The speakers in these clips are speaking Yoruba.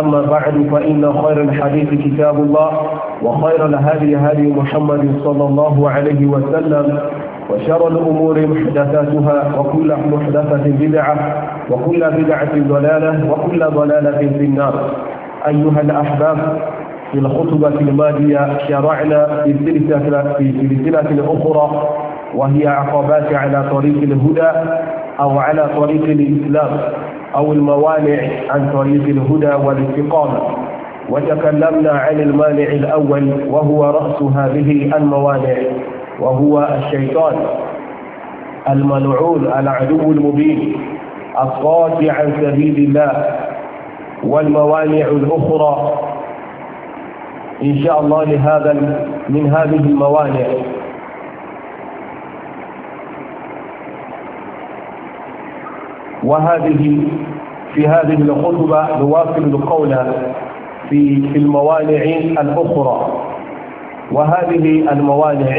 أما بعد فإن خير الحديث كتاب الله وخير الهدي هدي محمد صلى الله عليه وسلم وشر الأمور محدثاتها وكل محدثة بدعة وكل بدعة ضلالة وكل ضلالة في النار أيها الأحباب في الخطبة الماضية شرعنا في سلسلة في سلسلة أخرى وهي عقبات على طريق الهدى أو على طريق الإسلام أو الموانع عن طريق الهدى والاستقامة وتكلمنا عن المانع الأول وهو رأس هذه الموانع وهو الشيطان الملعون العدو المبين الصاد عن سبيل الله والموانع الأخرى إن شاء الله لهذا من هذه الموانع وهذه في هذه الخطبة نواصل القول في في الموانع الأخرى وهذه الموانع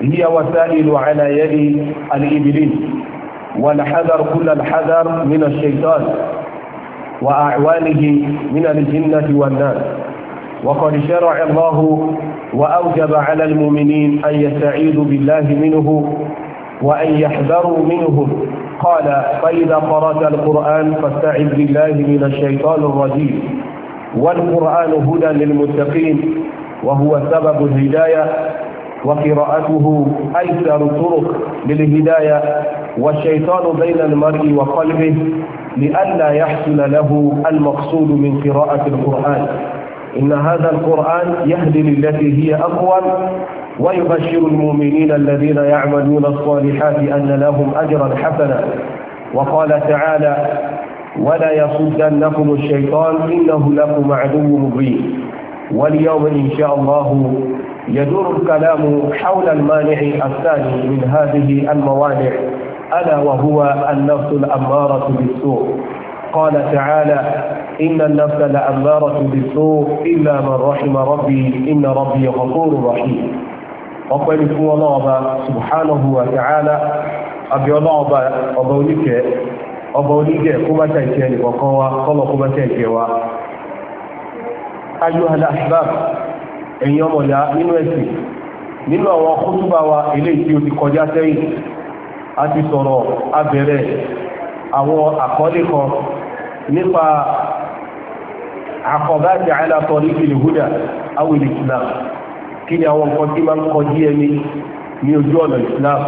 هي وسائل على يد الإبليس والحذر كل الحذر من الشيطان وأعوانه من الجنة والناس وقد شرع الله وأوجب على المؤمنين أن يستعيذوا بالله منه وأن يحذروا منه قال فإذا قرأت القرآن فاستعذ بالله من الشيطان الرجيم والقرآن هدى للمتقين وهو سبب الهداية وقراءته أيسر طرق للهداية والشيطان بين المرء وقلبه لئلا يحصل له المقصود من قراءة القرآن إن هذا القرآن يهدي للتي هي أقوى ويبشر المؤمنين الذين يعملون الصالحات أن لهم أجرا حسنا وقال تعالى ولا يصدنكم الشيطان إنه لكم عدو مبين واليوم إن شاء الله يدور الكلام حول المانع الثاني من هذه الموانع ألا وهو النفس الأمارة بالسوء قال تعالى إن النفس لأمارة بالسوء إلا من رحم ربي إن ربي غفور رحيم وقال فو الله سبحانه وتعالى أبي الله أبونيك أبونيك كما تأتيني وقوة قال كما تأتيوا أيها الأحباب إن يوم لا من وسي nínú àwọn kútùbà wa eléyìí tí ó àwọn àkọlé kan nípa àkọ̀báàtì aláàtọ̀rí ìlúhúdà awil islam kí ni àwọn nǹkan tí máa ń kọ díẹ̀ ní ní ojú ọ̀nà islam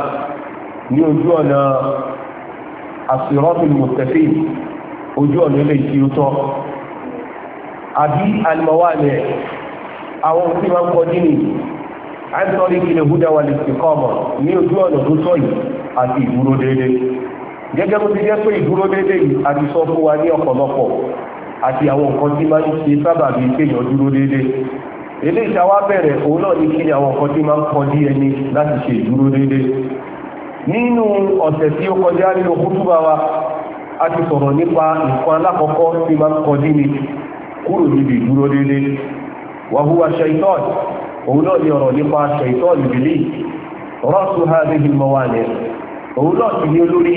ní ojú ọ̀nà asiratul mustaqim ojú ọ̀nà ilé tí ó àbí almawani ní ojú ọ̀nà tó tọ́ yìí àti ìdúró déédéé gẹ́gẹ́ bó ti jẹ́ pé ìdúró dédé yìí àti sọ fún wa ní ọ̀pọ̀lọpọ̀ àti àwọn nǹkan tí máa ń ṣe sábà bí kéèyàn dúró dédé ilé ìṣàwá bẹ̀rẹ̀ òun náà ní kí ni àwọn nǹkan tí máa ń kọjú ẹni láti ṣe ìdúró dédé nínú ọ̀sẹ̀ tí ó kọjá nínú kútúbà wa a ti sọ̀rọ̀ nípa nǹkan alákọ̀ọ́kọ́ tí máa ń kọjú ni kúrò níbi ìdúró dédé wàhúwa ṣaitan òun náà ní ọ̀rọ̀ nípa ṣaitan ìbílí rọ́ọ̀sù hadhihi mọ̀wánẹ̀ òun náà sì ní olórí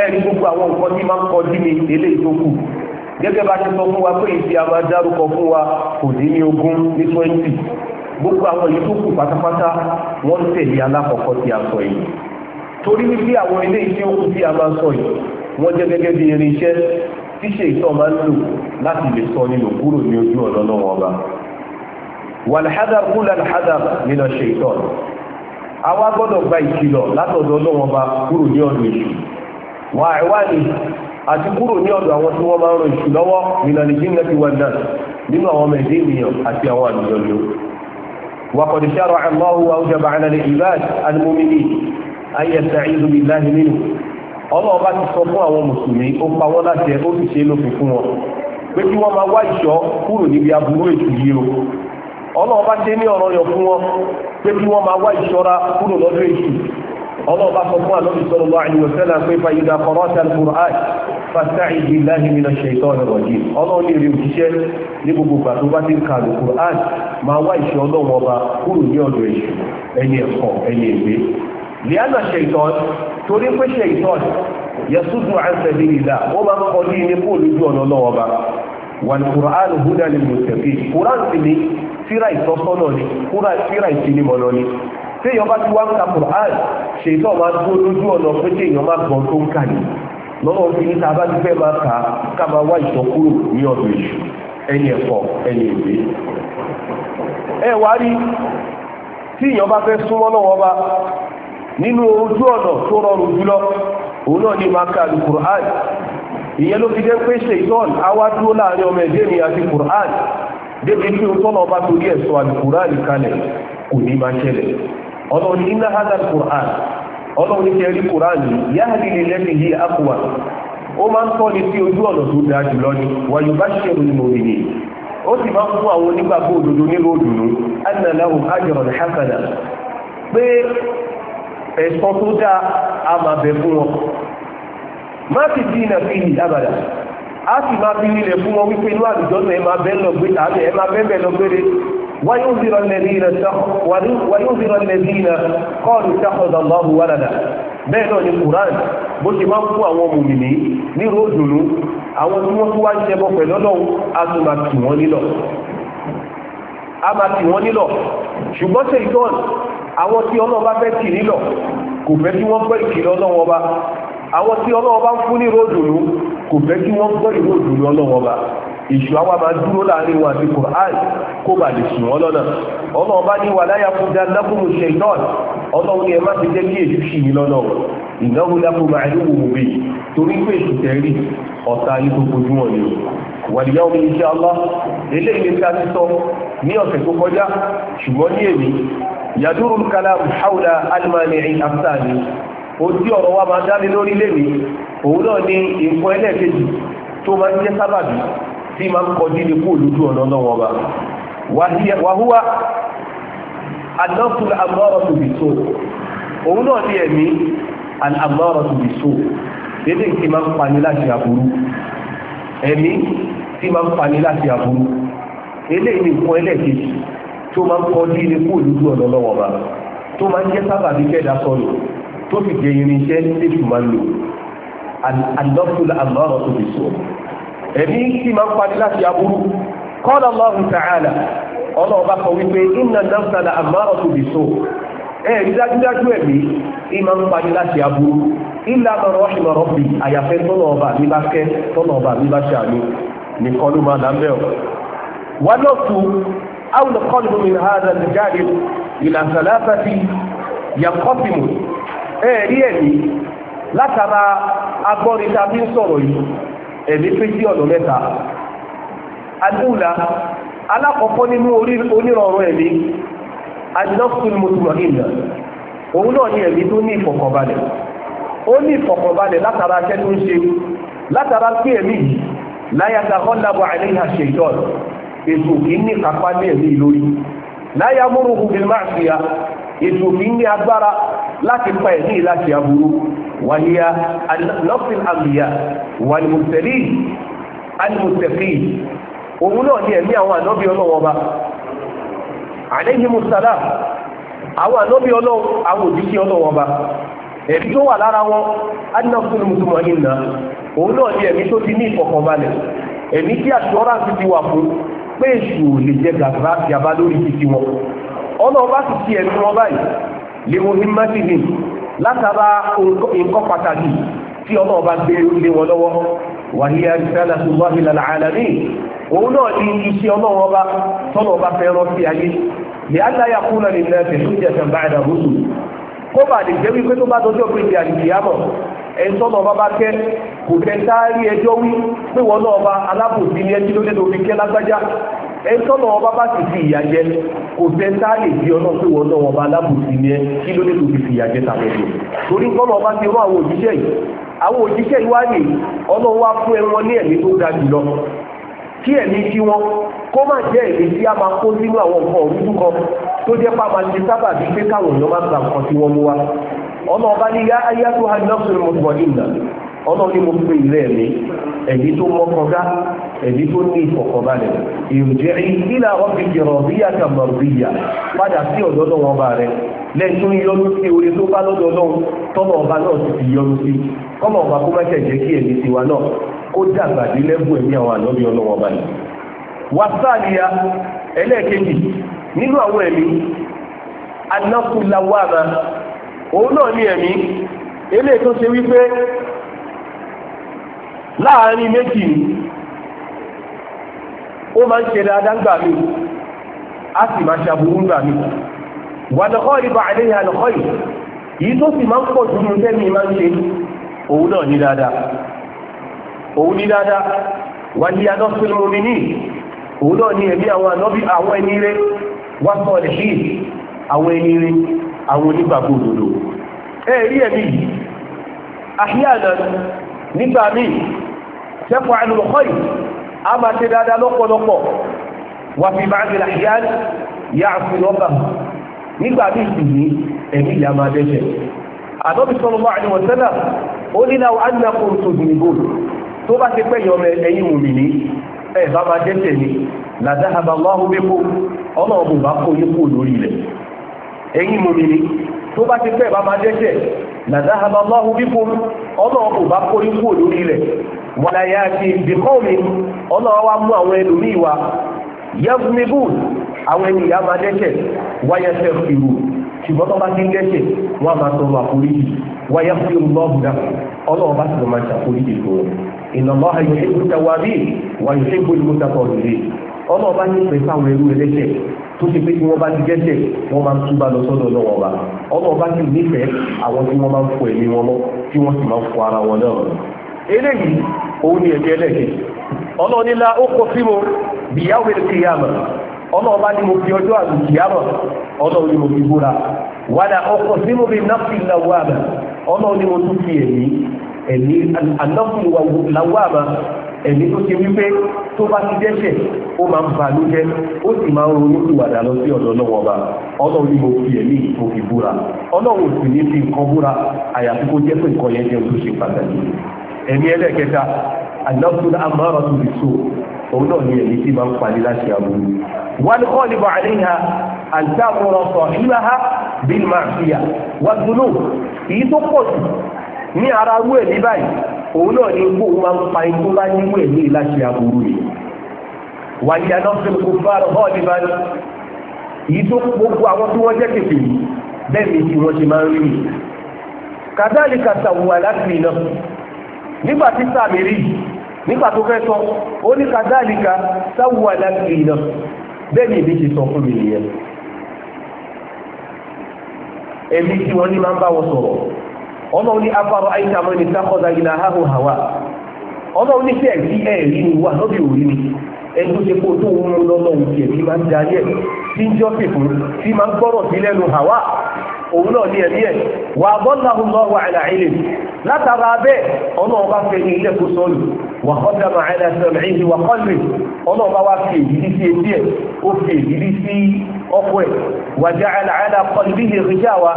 ẹ̀rí gbogbo àwọn nǹkan tí máa ń kọjú ní ilé ìtókù gẹ́gẹ́ bá ti sọ fún wa pé ìfi a máa dárúkọ fún wa kò dín ní ogún ní twenty gbogbo àwọn ìtókù pátápátá wọ́n tẹ̀lé alákọ̀ọ́kọ́ tí a sọ yìí torí wípé àwọn ilé ìtókù tí a máa sọ yìí wọ́n jẹ́ gẹ́gẹ́ bí irinṣẹ́ tíṣe ìtọ́ máa ń lò láti lè sọ nínú kúrò ní ojú ọ̀nà náà wọn bá wàlhádàr kú làlhádàr nínú ṣe ìtọ́ àwa gbọ́dọ̀ gba ìkìlọ̀ látọ̀dọ̀ náà bá kúrò ní ọ̀nà ìṣù wà àìwáàlì àti kúrò ní ọ̀dọ̀ àwọn tí wọ́n máa ń ran ìṣù lọ́wọ́ ìlànìjí nẹ́bí wọn náà nínú àwọn ọmọ ẹ̀dẹ́ ènìyàn àti àwọn àlùjọjọ وقد شرع الله وأوجب ó pa wọ́n láti ẹ̀ ó ọlọ́ọ̀bá ṣe ní ọ̀rọ̀ yọ fún wọn pé kí wọ́n máa wá ìṣọ́ra kúrò lọ́dọ̀ èṣù ọlọ́ọ̀bá sọ fún àlọ́bì sallallahu alaihi wasallam pé fàyídà qara'ta al-Qur'an fasta'idh billahi minash shaitanir rajim ọlọ́run lè rí òṣìṣẹ́ ní gbogbo ìgbà tó bá ti ń ka al-Qur'an máa wá ìṣẹ́ ọlọ́run ọba kúrò ní ọ̀dọ̀ èṣù ẹni ẹ̀kọ́ ẹni ìwé liana shaitan torí pé shaitan yasudu an sabilillah wọ́n máa ń tí èèyàn bá wá ń ka Kùránì ṣètò ọmọ adúgbò lójú ọ̀nà pé gbọ́n tó ń kà ní lọ́wọ́ fi ti fẹ́ máa kà ká máa wá ní ọ̀dọ̀ èṣù ẹni ẹ̀kọ́ ẹni ìwé ẹ wá rí tí èèyàn bá fẹ́ súnmọ́ lọ́wọ́ bá nínú ojú ọ̀nà tó rọrùn jùlọ òun náà ní máa ka Kùránì ìyẹn ló fi jẹ́ pé ṣèitọ́n awá dúró láàrin ọmọ ẹ̀dẹ́ àti débi ó tọ́nà torí ẹ̀sọ́ kalẹ̀ kò ọlọ́run ní iná hadal quran ọlọ́run ní kẹrí quran yìí yáhàdì lè lẹ́nu yìí akuwa ó máa ń tọ́ ni sí ojú ọ̀nà tó dáa jùlọ ni wàyù bá ṣe ìròyìn òmìnir ó sì máa ń fún àwọn onígbàgbọ́ òdodo nílò òdùnú ánàláwò ajọ̀rọ̀ ní hasana pé tó dáa a máa bẹ̀ fún wọn má sì iná fi yìí abàdà a sì máa fi fún wọn وينذر الذين وينذر الذين قالوا اتخذ الله ولدا bẹ́ẹ̀ náà ni Quran bó ṣe máa ń fún àwọn mùmìnì ní ròdùnú àwọn tí wọ́n tún wá ń ṣẹbọ pẹ̀lú ọlọ́run a tún máa tì wọ́n nílọ̀ a máa tì wọ́n nílọ̀ ṣùgbọ́n ṣe ìtọ́n àwọn tí ọlọ́run bá fẹ́ tì nílọ̀ kò fẹ́ kí wọ́n gbọ́ ìkìlọ̀ ọlọ́run ọba àwọn tí ọlọ́run bá ń fún ní ròdùnú kò fẹ́ kí wọ́n gbọ́ ìròdùnú ọlọ́run ọba ìṣù àwa máa dúró láàrin wa àti Qur'an kó bá lè sùn ọlọ́nà ọlọ́run bá ní wà láyà fún dáńdákùnrin ṣe náà ọlọ́run ẹ má ti jẹ́ èṣù ṣì lọ́nà ìnáwó torí pé èṣù tẹ̀rí tó fojú wọn ni wàlíyá omi insha Allah eléyìí ní ká sọ ní ọ̀sẹ̀ tó kọjá ṣùgbọ́n ní èmi yàdúrú O hawla alimani afsani ojú ọ̀rọ̀ wa máa dá lórí òun náà ní nǹkan tí máa ń kọjú ní kó lójú ọ̀nà náà wọn bá wàhúwà anọ́tún àmọ́rọ̀ tó bì so òun náà ní ẹ̀mí àmọ́rọ̀ tó bì so dédé tí máa ń pani láti aburú ẹ̀mí tí máa ń pani láti aburú eléyìí nìkan ẹlẹ́ẹ̀kejì tó máa ń kọjú ní kó lójú ọ̀nà náà bá tó máa ń jẹ́ sábàbí kẹ́ẹ̀dá sọnù tó fi jẹ irinṣẹ́ tí èsù lò àdọ́tún àmọ́rọ̀ tó bì so ẹ̀mí sì máa ń pani láti aburú qala Allahu ta'ala ọlọ́ọ̀bá kan wípé inna nafsa la ammaratu biso ẹ̀rí dájúdájú ẹ̀mí ìmọ̀ ń pani láti aburú illa man rahima rabbi àyàfẹ́ tọ́nà ọba mi bá kẹ́ tọ́nà ọba mi bá ṣàánú nìkan ló máa lábẹ́ ọ̀ wà náà tu àwọn kọ́lù mi hàdà jáde ìlànà láfàtì yàkọ́pìmù ẹ̀rí ẹ̀mí látara agbọ́rin tàbí sọ̀rọ̀ yìí ẹ̀mí pé sí ọ̀nà mẹ́ta adúlá alákọ̀ọ́kọ́ nínú onírọ̀rùn ẹ̀mí adinọ́kùn mọ̀túnmọ̀ ìlà òun náà ní ẹ̀mí tó ní ìfọ̀kànbalẹ̀ ó ní ìfọ̀kànbalẹ̀ látara aṣẹ́ tó ń ṣe látara pé ẹ̀mí yìí láyàtà ọ̀làbọ̀ àìlẹ́yà ṣèjọ́n ètò kìíní kápá ní ẹ̀mí lórí láyàmúrùkù ètò òfin ní agbára láti pa ẹ̀mí láti aburú wàhíyá lọ́fìn àmìyà wàlìmùsẹ̀lì àlìmùsẹ̀kì òun náà ní ẹ̀mí àwọn ànábì ọlọ́wọ́ ọba àlẹ́yìnmùsàlá àwọn ànábì ọlọ́wọ́ àwọn òjíṣẹ́ ọlọ́wọ́ ọba ẹ̀mí tó wà lára wọn adínàfún mùsùlùmọ́ ìnà òun náà ní ẹ̀mí tó ti ní ìfọ̀kànbalẹ̀ ẹ̀mí tí àṣọ́ránsì ti wà fún pé èṣù lè jẹ gàgbà tí a bá lórí wọn ọlọ́run bá sì ti ẹ̀mí wọn báyìí léwu ní mẹ́tìlì látara nǹkan pàtàkì tí ọlọ́run bá gbé lé wọn lọ́wọ́ wàhíyá ìsáàlà tó wá ìlà àlàní òun náà ní iṣẹ́ ọlọ́run ọba tọ́lọ́ ọba fẹ́ rán sí ayé ní aláya kúnlẹ̀ ní mẹ́tẹ̀ tó jẹ́ sàn báyìí náà rúdù kó bà lè jẹ́ wípé tó bá dọjọ́ pé ìdí àdìyàmọ̀ ẹ̀ tọ́lọ́ ọba bá kẹ́ kò fẹ́ sáárì ẹjọ́ wí pé wọn náà ọba alábòsí ní ẹjí ló dé lórí kẹ́ lágbájá ẹ̀ńtọ́nà ọba bá ti fi ìyà jẹ kò sẹ́ńtà lè fi ọ̀nà pé wọ́n náà ọba alábòsí ni ẹ kí ló dé tó fi fi ìyà jẹ tàbí ẹ̀jẹ̀ ọba ti rán àwọn òjíṣẹ́ yìí àwọn òjíṣẹ́ yìí wá ní ọlọ́wọ́ fún kí ẹ̀mí tí wọn kó má jẹ́ èmi tí a máa kó sínú àwọn nǹkan òdúdú kan tó jẹ́ pá máa ti sábà bí pé káwọn èèyàn máa gba nǹkan tí wọ́n mú wa ọmọ ọba ní yá ayé tó ha nọ́ọ̀sì mo bọ̀ nìyà ọmọ ní mo pe ìrẹ́ mi ẹ̀mí tó mọ́kànlá ẹ̀mí tó ní ìfọ̀kànbalẹ̀ ìrùjẹ́ ìlà ọ̀bì jẹ̀rọ̀ bí yàtà mọ̀rùbíyà padà sí ọ̀dọ́ náà wọn bá rẹ̀ lẹ́tún yọnu sí orí tó bá lọ́dọ̀ tọ́mọ̀ ọba náà ti fi yọnu sí kọ́mọ̀ ọba kó má ṣẹ̀jẹ̀ kí ẹ̀mí tiwa náà kó dàgbà dé lẹ́bùn ẹ̀mí àwọn ànábì ọlọ́wọ́ báyìí wàsáàlìyà ẹlẹ́ẹ̀kejì nínú àwọn ẹ̀mí anákùláwàmà òun náà ní ẹ̀mí eléyìí tó ṣe wípé láàárín méjì ni ó máa ń ṣe dáadáa gbà mí a sì máa ṣàbùrú gbà mí wàdàkọ́ ìbà àdéhà lọ́kọ́ yìí tó sì máa ń pọ̀ jù mú tẹ́mi máa ń ṣe òun náà ní dáadáa òun ní dáadáa wà ní adọ́sílẹ̀ omi ní òun náà ní ẹ̀mí àwọn ànọ́bí àwọn ẹni rẹ̀ wá sọ ọ̀lẹ̀ sí àwọn ẹni rẹ̀ àwọn onígbàgbọ́ òdodo ẹ rí ẹ̀mí yìí àhíyànà nígbà míì sẹ́fọ̀ àlùkọ́ yìí a máa ṣe dáadáa lọ́pọ̀lọpọ̀ wà fi máa gbé àhíyàn yá àfihàn ọba nígbà míì sì ní ẹ̀mí ìyá máa dẹ́ṣẹ̀ àdọ́bí sọ́lọ́mọ́ tó bá ti pẹ́yọ mẹ ẹ̀yìn mùmì ní ẹ̀ máa jẹ́ tẹ̀lé bá kó kó lórí rẹ̀ mùmì ní tó bá ti pẹ́ bá máa jẹ́ tẹ̀ làdáhàbà láhùn bíkó ọlọ́ọ̀bù bá kó yín kó lórí rẹ̀ wàlàyé àti bìkọ́ mi ọlọ́ọ̀wá mú àwọn ẹlòmíì wa yẹ́fúnibù àwọn ènìyàn máa dẹ́ṣẹ̀ wáyẹ́sẹ̀ ìrù ṣùgbọ́n tó bá ti ń wọ́n máa ìnàmọ́ àyùṣẹ́gbù tàwárí wà yùṣẹ́gbù ìlú tàkọ̀ọ̀dùnlé ọmọ ọba ní pẹ̀ fáwọn ẹrú ẹlẹ́ṣẹ̀ tó ti pé tí wọ́n bá ti gẹ́ṣẹ̀ wọ́n máa ń túbà lọ sọ́dọ̀ lọ́wọ́ wa ọmọ ọba sì nífẹ̀ẹ́ àwọn tí wọ́n máa ń fọ ẹ̀mí wọn mọ́ tí wọ́n sì máa ń fọ ara wọn náà eléyìí òun ni ẹ̀jẹ̀ ẹlẹ́ṣẹ̀ ọlọ́ọ̀nìlá ó kọ sí mo bìyàwó kìyàmà ọlọ́ọ̀bá ni mo fi ọjọ́ àti kìyàmà ọlọ́ọ̀ ni mo fi búra ẹ̀mí anọ́kùn làwàmà ẹ̀mí tó ṣe wípé tó bá ti dẹ́ṣẹ̀ ó máa ń bà ló jẹ́ ó sì máa ń ronú ìwàdà lọ sí ọ̀dọ̀ náà wọ̀ba ọlọ́run ni mo fi ẹ̀mí tó fi búra ọlọ́run sì ní fi nǹkan búra àyàfi kó jẹ́ pé nǹkan yẹn jẹ́ ojúṣe pàtàkì ẹ̀mí ẹlẹ́ẹ̀kẹta anọ́kùn amára tó lè ní ara wú ẹ̀mí báyìí òun náà ni gbóhùn máa ń pa ikú bá ní ẹ̀mí láti aburú rẹ̀ wàyí anọ́sìn kò bá rọ̀ bá ní yìí tó gbogbo àwọn tí wọ́n jẹ́ kèfè yìí bẹ́ẹ̀ ni wọ́n máa ń rí mi kàdáàlì kàtà wà láti iná nígbà tí sàmì rí nígbà tó fẹ́ sọ ó ọlọ́run ní afárọ àìsàn àwọn ẹni sákọ́dá ilẹ̀ ahàhùn hàwà ọlọ́run ní fẹ́ẹ̀ sí ẹ̀rí ni wà lọ́bì òrí ni ẹni tó ṣe kó tó ń mú lọ́lọ́run tiẹ̀ tí máa ń darí ẹ̀ tí ń jọ́sìn fún tí máa ń gbọ́rọ̀ sí lẹ́nu hàwà òun náà ní ẹ̀mí ẹ̀ wà bọ́láhùn lọ́wọ́ àlàyé látara bẹ́ẹ̀ ọlọ́run bá fẹ́ ní ilé kó sọ́ọ̀lù wà kọ́dà máa ẹ̀dá sọ̀rọ̀ ẹ̀yìn wà kọ́lù ọlọ́run bá wá fi èdìdí sí etí ẹ̀ ó fi èdìdí sí ọkọ ẹ̀ wàjá àlàálà kọlùbí ìrìnjà wa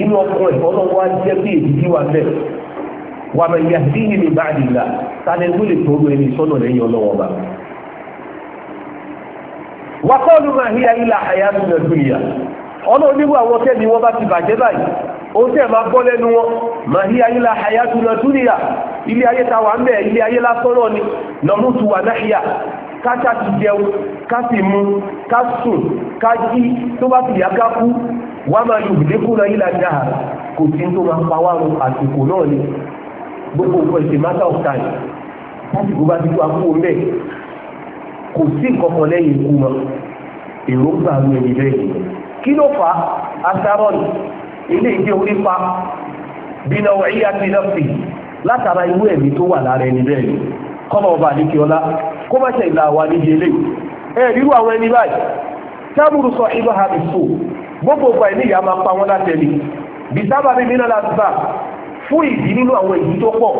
inú ọkọ ẹ̀ ọlọ́wọ́ á jẹ́ bí èdìdí wa bẹ́ẹ̀ wà mẹ yàtí yìí ní báàdì là sálẹ̀ tó lè tó lóore ní sọ́nà lẹ́yìn ọlọ́wọ́ bá. wà kọ́ọ̀lù máa híya ilà àyà nínú ẹ̀dúnyà ọlọ́run nígbà àwọn tẹ́ni wọ́n bá ti bàjẹ́ báyìí ó tẹ́ máa bọ́ lẹ́nu wọn máa híya ilà àyà nínú ẹ̀dúnyà ilé ayé ta wà ń bẹ̀ ilé ayé lásán náà ni lọ́mùtù wà náà káṣà ti jẹun káṣì mú káṣùn kájí tó bá ti yá ká kú wá máa yóò dékú náà yílà dáa kò sí tó máa pa àsìkò náà ni gbogbo nǹkan ìṣe matter of time lásìkò bá ti tó akú ombẹ kò sí kankan lẹ́yìn ikú mọ́ èròǹgbà mi ni bẹ́ẹ̀ kí ló fà á asarọ́n ilé ìdí orí pa bínáwó ẹ̀yà tí náà fi látara irú ẹ̀mí tó wà lára ẹni bẹ́ẹ̀ ni kọ́nà ọba àdíkì ọlá kó má ṣe ìlà àwa níbi ilé ẹ rírú àwọn ẹni báyìí tábùrù sọ ibà ha bìfò gbogbo ọgbà ẹni ìyá máa pa wọn látẹlẹ bìsábà bíbí náà láti bá fún ìdí nínú àwọn ìdí tó pọ̀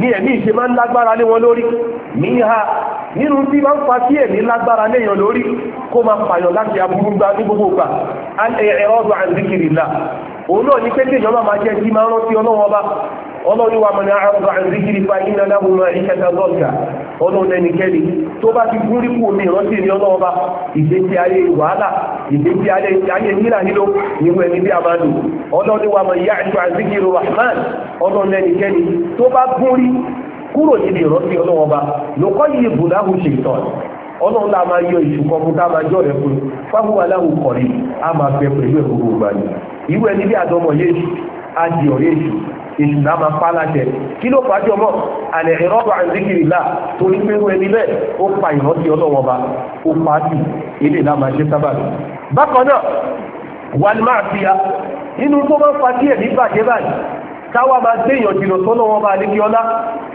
ní ẹ̀mí ìṣe máa ń lágbára lé wọn lórí níha nínú tí máa ń fa sí ẹ̀mí lágbára léèyàn lórí kó máa pààyàn láti aburú gba ní gbogbo gbà ẹ̀rọ ọdún àìsíkiri là òun náà ní pé kéèyàn máa máa jẹ́ kí máa rántí ọlọ́wọ́ bá ọlọ́run wa mọ̀nà àrùn àríkìrì fa iná ìṣẹ́ta ọlọ́run ẹnikẹ́ni tó bá ti gún rípò mi rántí ní ọlọ́run ìgbésí ayé wàhálà ìgbésí ayé nílà nílò ẹni bí a máa lò ọlọ́run wa mọ̀nà àrùn àríkìrì rahman ọlọ́run ẹnikẹ́ni tó bá gún rí kúrò níbi ìrántí ọlọ́run lókọ́ yìí bùdáhù ṣètọ́ ọlọ́run la máa yọ ìṣùkọ́ fún máa fún fáwọn aláwọ̀ a máa fẹ́ pẹ̀lú ẹ̀kọ́ gbogbo àná ìwé èṣù náà máa pa láṣẹ kí ló fà á jọmọ́ àlẹ́ ìrọ́bà àǹdíkìrìlá torí pé wọ́n ẹni bẹ́ẹ̀ ó pa ìrántí ọlọ́wọ́n ba ó pa á sí ilé náà máa ṣe sábà rẹ̀ bákan máa fi ya nínú tó máa fa díẹ̀ ní bàjẹ́ báyìí káwa máa gbéyàn jìnnà sọ́lọ́wọ́n bá ọlá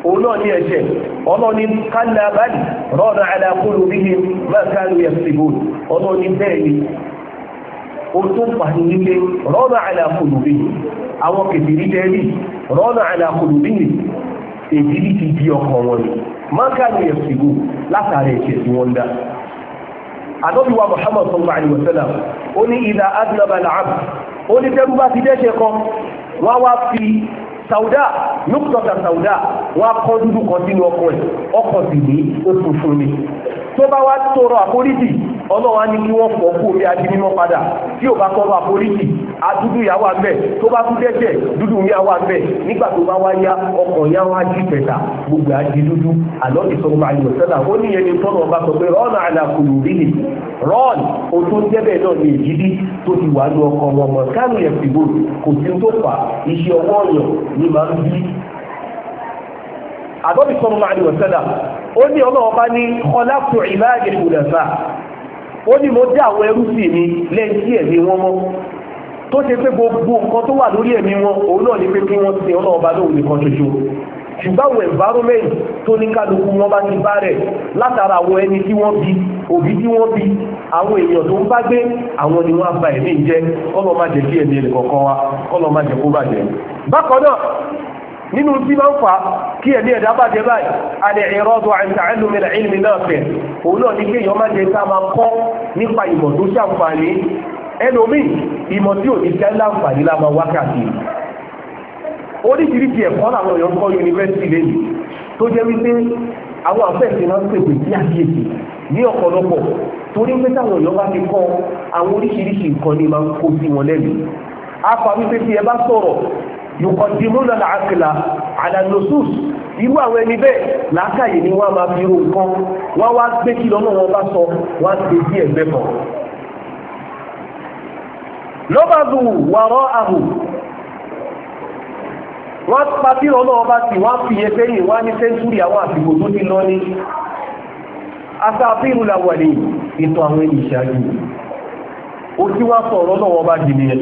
òun ní ẹ̀ṣẹ̀ ọlọ́ni kálá báyìí rọ́ọ̀nà àlàkùnrin bíi máa kálù yẹ o tó fà ní wípé rọ́nà àlàkùnlùbí àwọn kèfèrí tẹ́rí rọ́nà àlàkùnlùbí èdìrí ti di ọkàn wọn ni mákàlù ẹ̀sìnkú látàrí ẹ̀kẹ́ tí wọ́n dá àdọ́bí wa Muhammad sallallahu alaihi wasallam ó ní ìdá adnaba al-abd ó ní tẹ́rú bá ti dẹ́ṣẹ̀ kan wọ́n wá fi sauda nukutọta sauda wọ́n kọ́ dúdú kan sínú ọkọ̀ ẹ̀ ọkọ̀ sì ní ó funfun ni tó bá wá tọrọ àforíjì ọlọ́wà ní kí wọ́n pọ̀ kú orí adi mímọ́ padà tí ò bá tọrọ àforíjì adúdú ìyàwó àgbẹ̀ tó bá kú dẹ́jẹ̀ dúdú ìyàwó àgbẹ̀ nígbà tó bá wá yá ọkọ̀ ìyàwó ají pẹ̀ta gbogbo ají dúdú àlọ́ ìsọ̀rọ̀ àyọ̀ sẹ́là ó ní ẹni tọ́nà ọba sọ pé rọ́ọ̀nà àlàkùnrin òbíye rọ́ọ̀nì o tó ń jẹ́bẹ̀ náà ní èjìdí tó ti wà ní ọkọ̀ tó fà iṣẹ́ ọwọ́ ó ní mo dá àwọn ẹrú sí mi lẹ́yìn tí ẹ̀mí wọn mọ́ tó ṣe pé gbogbo nǹkan tó wà lórí ẹ̀mí wọn òun náà ní pé kí wọ́n sin ọlọ́ọba lóhun nìkan ṣoṣo ṣùgbọ́n àwọn environment tó ní kálukú wọn bá ti bá rẹ̀ látara àwọn ẹni tí wọ́n bí òbí tí wọ́n bí àwọn èèyàn tó ń bá gbé àwọn ni wọ́n á ba ẹ̀mí jẹ́ kọ́lọ́ má jẹ́ kí ẹ̀mí ẹnì kọ̀ọ̀kan wa kọ́lọ́ má jẹ́ kó bàjẹ́ bákan náà nínú tí máa ń fa kí ẹ̀mí ẹ̀dá bá jẹ báyìí alẹ́ ẹ̀rọ ọdún àìsàn mẹ́lẹ̀ ìlmi náà fẹ̀ òun náà ní kéèyàn máa jẹ ká máa kọ́ nípa ìmọ̀ tó ṣàǹfààní ẹlòmíì ìmọ̀ tí ò ní jẹ́ láǹfààní la máa wákàtí oríṣiríṣi ẹ̀kọ́ làwọn èèyàn kọ́ yunifásitì lẹ́yìn tó jẹ́ wípé àwọn àfẹ́ẹ̀sì yùkọ̀dìmúnà làákìlà àlànàṣùs irú àwọn ẹni bẹ́ẹ̀ làákàyè ni wọ́n máa fi ro nǹkan wọ́n wá gbé kí lọ́nà wọn bá sọ wọ́n á gbé sí ẹ̀gbẹ́ kan. lọ́bàdù wàrọ̀ àhù wọ́n pa bí lọ́nà wọn bá sì wọ́n fi yẹn sẹ́yìn wọ́n á ní sẹ́ńtúrì àwọn àsìkò tó ti lọ ní. asáfíìrù làwọn ènìyàn ètò àwọn ènìyàn ṣáájú ó ti wá sọ̀rọ̀ lọ́wọ́ bá di nìyẹn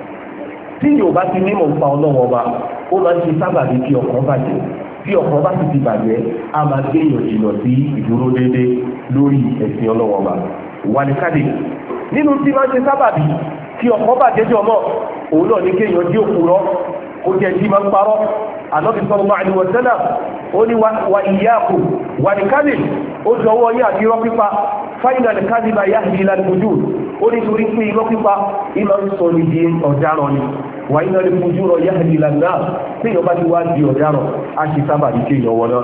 tí yóò bá ti mímọ̀ ń pa ọlọ́wọ́ wa ó máa ń ṣe sábà bí kí ọkàn bàjẹ́ bí ọkàn bá ti ti bàjẹ́ a máa gbé èèyàn jìnnà sí ìdúró déédéé lórí ẹ̀sìn ọlọ́wọ́ wa wàlíkàdé nínú tí máa ń ṣe sábà kí ọkàn bàjẹ́ jọ mọ́ òun náà ní kéèyàn dí òkúrọ́ kó jẹ́ tí máa ń parọ́ ànábì sallallahu alaihi wa sallam ó ní wa ìyá àpò wàlíkàdé ó jọ̀wọ́ yín àti irọ́ pípa final kadiba yahdi ila al-fujur ó ní torí pé irọ́ pípa ìmọ̀ ń sọ ní di ọ̀daràn ni wà iná lè fojú rọ yahdi ila an-nar tí èèyàn bá ti wá di ọ̀daràn á ṣe sábàbí kí èèyàn wọ̀ náà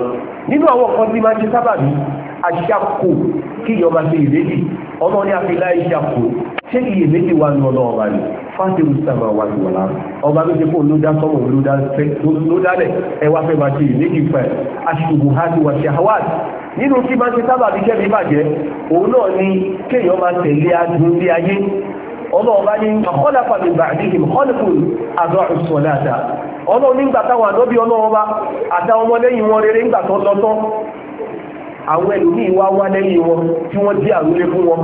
nínú àwọn kan tí máa ṣe sábàbí aṣàkó kí èèyàn bá ṣe ìrèdì ọmọ ní àfi láì ṣàkó ṣé ìyèméjì wà ní ọlọ́ọ̀bà ni fásiru sàmà wà ìwọ̀lá ọba ló ṣe kó ló dá sọ́mọ̀ ló dálẹ̀ ẹwà aṣùgbù wà nínú máa ṣe sábà bí kẹ́mi bàjẹ́ ni kéèyàn máa tẹ̀lé ayé ní ọ̀kọ́lápà mi bà níhìm ọ̀lẹ́kùn àdọ́ ìsọ̀láta ọlọ́run nígbà táwọn àdọ́bí ọlọ́run àtàwọn ọmọlẹ́yìn wọn rere àwọn ẹlòmíì wá wá lẹ́yìn wọn tí wọ́n jí àrólé fún wọn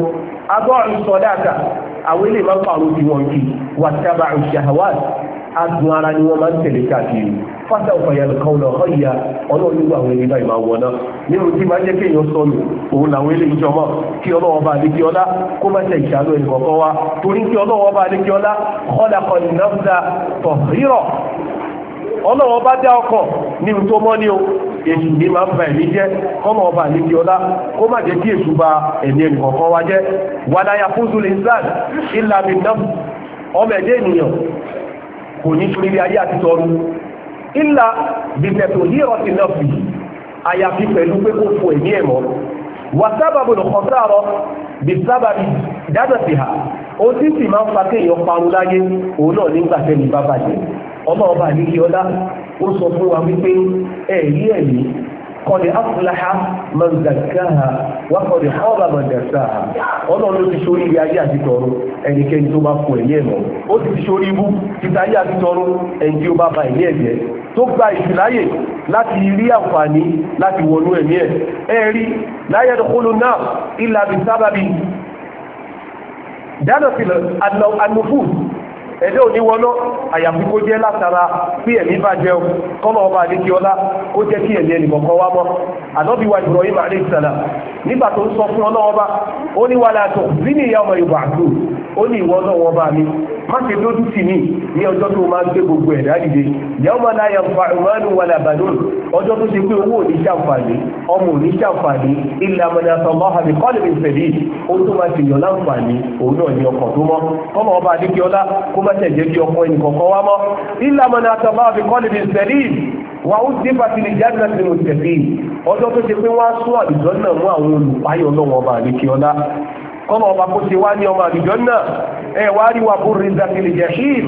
agbọ́rin sọ dáadáa àwọn ilé máa ń pààrọ̀ ju wọn kì wà tábà ìṣàwárí adùn ara ni wọ́n máa ń tẹ̀lé káàkiri fásitì ọ̀fàyà nìkan ọ̀nà ọ̀họ́ ìyá ọlọ́run nígbà àwọn ènìyàn ìmọ̀ àwọn ọ̀nà nínú tí máa ń jẹ́ kí èèyàn sọnù òun làwọn eléyìí jọmọ kí ọlọ́wọ́ bá lè kí ọlá kó má tẹ̀ ìṣàánú ẹnì kọ̀ọ̀kan wa torí kí ọlọ́wọ́ bá lè kí ọlá kọ́dà kan ọlọ́wọ́ bá dá ọkọ̀ ní tó mọ́ ní o èsù ní máa ń ba ẹ̀mí jẹ́ kọ́mọ ọba ní kí ọlá kó má jẹ́ kí èsù ba ẹ̀mí ẹnì kọ̀ọ̀kan wa jẹ́ wàdáyà fúnzù lè zan ìlàmì náà ọmọ ẹ̀dẹ́ ènìyàn kò ní torí ayé àti tọrú ìlà bìtẹ̀tò yíyọ̀ sí náà fi àyàfi pẹ̀lú pé kó fo ẹ̀mí ẹ̀mọ́ wàsábàbò lọ́kọ̀ọ́sàrọ̀ bìsábàbì dáadáa sí ha ó sì sì máa ń fa kéèyàn parun láyé òun náà nígbà tẹ́lẹ̀ bá bàjẹ́ ọmọ ọba àdíkì ọlá ó sọ fún wa wípé ẹ̀yí ẹ̀yí kọ̀dẹ̀ afúláhá mọ̀zàkáhà wà kọ̀dẹ̀ ọ̀rà mọ̀dàsáhà ọlọ́run ló ti ṣorí ilé ayé àti tọ̀run ẹnikẹ́ni tó bá fún ẹ̀yẹ́ mọ̀ ó ti ṣorí ibú títa ayé àti tọ̀run ẹni tí ó bá ba ẹ̀yẹ́ ẹ̀jẹ̀ tó gba ìsìláyè láti rí àǹfààní láti wọnú ẹ̀mí ẹ̀ ẹ̀rí láyẹ̀dọ̀kọ́lù náà ìlàbí sábàbí dáná sílẹ̀ ànúfù ẹ̀dẹ́ òní wọná àyàfi kó jẹ́ látara pé ẹ̀mí bá jẹ́ kọ́nà ọba àdékí ọlá kó jẹ́ kí ẹ̀mí ẹnì kọ̀ọ̀kan wá mọ́ ànábì wa Ibrahim alayhi salam nígbà tó ń sọ fún ọlọ́wọ́ bá ó ní wà látọ̀ rí ní ìyá ọmọ Yorùbá àdúró ó ní ìwọ ọlọ́wọ́ bá mi má ṣe dójú sí mi ní ọjọ́ tó máa ń gbé gbogbo ẹ̀dá dìde yawma la yanfa'u malun wala banun ọjọ́ tó ṣe pé owó ò ní ṣàǹfààní ọmọ ò ní ṣàǹfààní illa man atallaha biqalbin sadid ó tó máa ṣèyàn láǹfààní òun náà ní ọkọ̀ tó mọ́ mọ́tẹ̀ jẹ́ kí ọkọ̀ ẹnì kọ̀ọ̀kan wá mọ́ ìlànà àtàbà àfikọ́lì bíi sẹ́lìm wà ó dé bá tilẹ̀ jáde láti nù tẹ̀lé ọjọ́ tó ṣe pé wọ́n á sún àdìjọ́ náà mú àwọn olùpáyọ̀ náà wọn bá àlékí ọlá kọ́nà ọba kó ṣe wá ní ọmọ àdìjọ́ náà ẹ wá rí wa bó rí zatilẹ̀ jẹ̀ṣìn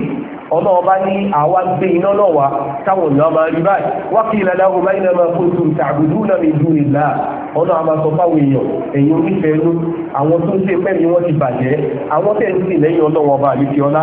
ọmọ ọba ní àwa gbé iná náà wá táwọn èèyàn máa rí báyìí wá kí ìlànà àwọn ọmọ iná máa kóso tàbùdú náà mi dùn ìlà ọ̀nà àmàsọ fáwọn èèyàn èyí onífẹ̀ẹ́ ló àwọn tó ń ṣe pẹ́ẹ́mí wọn ti bàjẹ́ àwọn tẹ̀ ń sìn lẹ́yìn ọlọ́wọ́n ọba àlékí ọlá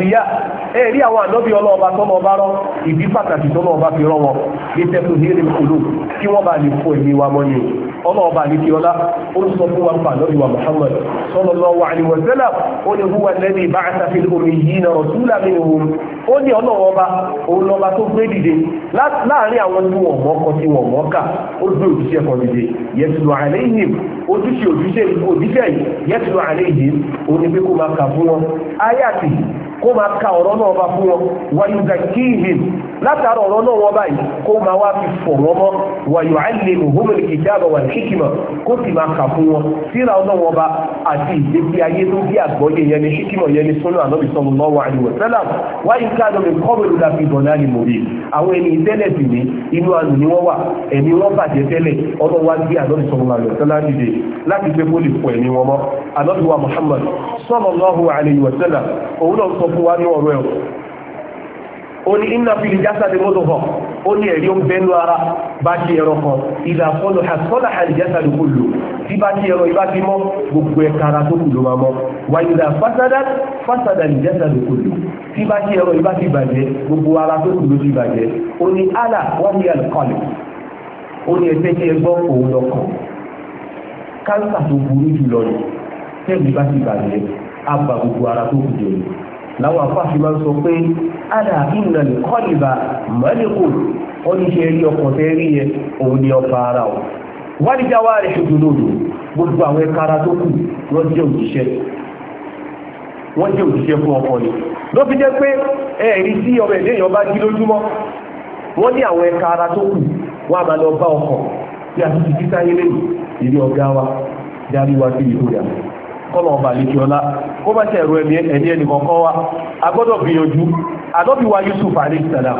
àǹbíyá ẹ̀rí àwọn ànábì ọlọ́ọba tọ́nà ọba rán ìdí pàtàkì tọ́nà ọba fi rán wọn ní tẹ́kù ní èrè kòló kí wọ́n bá lè fọ èmi wa mọ́ ni ọlọ́ọba ní kíọ́lá ó sọ fún wa pa lọ́bì wa Muhammad sallallahu alaihi wa sallam ó ní huwa alladhi ba'atha fil ummiyyina rasulan minhum ó ní ọlọ́ọba òun lọ́ba tó gbé dìde láàrin àwọn tí wọ́n mọ́ kan tí wọ́n mọ́ ó gbé òjíṣẹ́ kan dìde yẹtùlù àlẹ́yìn ojúṣe òjíṣẹ́ yìí yẹtùlù àlẹ́yìn òun ni máa kà fún wọn áyàtì kó máa ka ọ̀rọ̀ náà bá fún wọn wàyí zaki him látara ọ̀rọ̀ náà wọn báyìí kó máa wá fi fọ̀ wọn mọ́ wàyí alimu homini kìjáàbọ̀ wà hikima kó sì máa kà fún wọn síra ọ̀nà wọn bá àti ìgbésí ayé tó bí àgbọ́yé yẹn ni hikima yẹn ni sọ́nà ànábì sọ́nà lọ́wọ́ àdìwọ̀ sẹ́lá wáyé káàdó mi kọ́bẹ̀rù láti bọ̀nà ni mòrí àwọn ẹni tẹ́lẹ̀ sì ní inú àlù ni wọ́n wà ẹ̀mí wọn bàjẹ́ tẹ́lẹ̀ ọ̀nà wa gbé ànábì sọ́nà àlù sẹ́lá dìde láti gbé pólì fọ ẹ̀mí wọn mọ́ ànábì fún wa ní ọ̀rọ̀ ẹ̀rọ ó ní iná fi lè jásá lè mọ́tò hàn o ní ẹ̀rí ó ń bẹ́nu ara bá ti ẹ̀rọ kan ìlà fọ́nà àsọ́nà àlìjásá lè kó lò tí bá ti ẹ̀rọ ìbá ti mọ́ gbogbo ẹ̀ka ara tó kù ló máa mọ́ wà ìlà fásádà fásádà àlìjásá lè kó lò tí bá ti ẹ̀rọ ìbá ti bàjẹ́ gbogbo ara tó kù ló ti bàjẹ́ ó ní àlà wọ́n ní àlùkọ́lù ó ní ẹgbẹ́ tí burú jùlọ ni tẹ́ẹ̀mí bá ti bàjẹ́ á gbogbo ara tó kù jẹ́ láwọn afáàfi máa ń sọ pé ádà ìnà kọ́lìbà mọ́lẹ́kù ó ní ṣe rí ọkàn tẹ́ rí yẹn òun ni ọba ara o wọ́n ní jáwá rẹ̀ ṣojú lòdù gbogbo àwọn ẹ̀ka ara tó kù wọ́n jẹ́ òjíṣẹ́ wọ́n ọkọ ni ló fi jẹ́ pé ẹ̀rí sí ọmọ ẹ̀dẹ́ jí lójúmọ́ wọ́n ní àwọn ara tó kù wọ́n a máa lọ bá ọkọ̀ tí a ti ti sáyé kọ́lọ̀ ọba àlejò ọlá kó bá tẹ̀rọ ẹ̀mí ẹni kọ̀ọ̀kan wa a gbọ́dọ̀ gbìyànjú àdọ́bí wa Yusuf alẹ́sàlá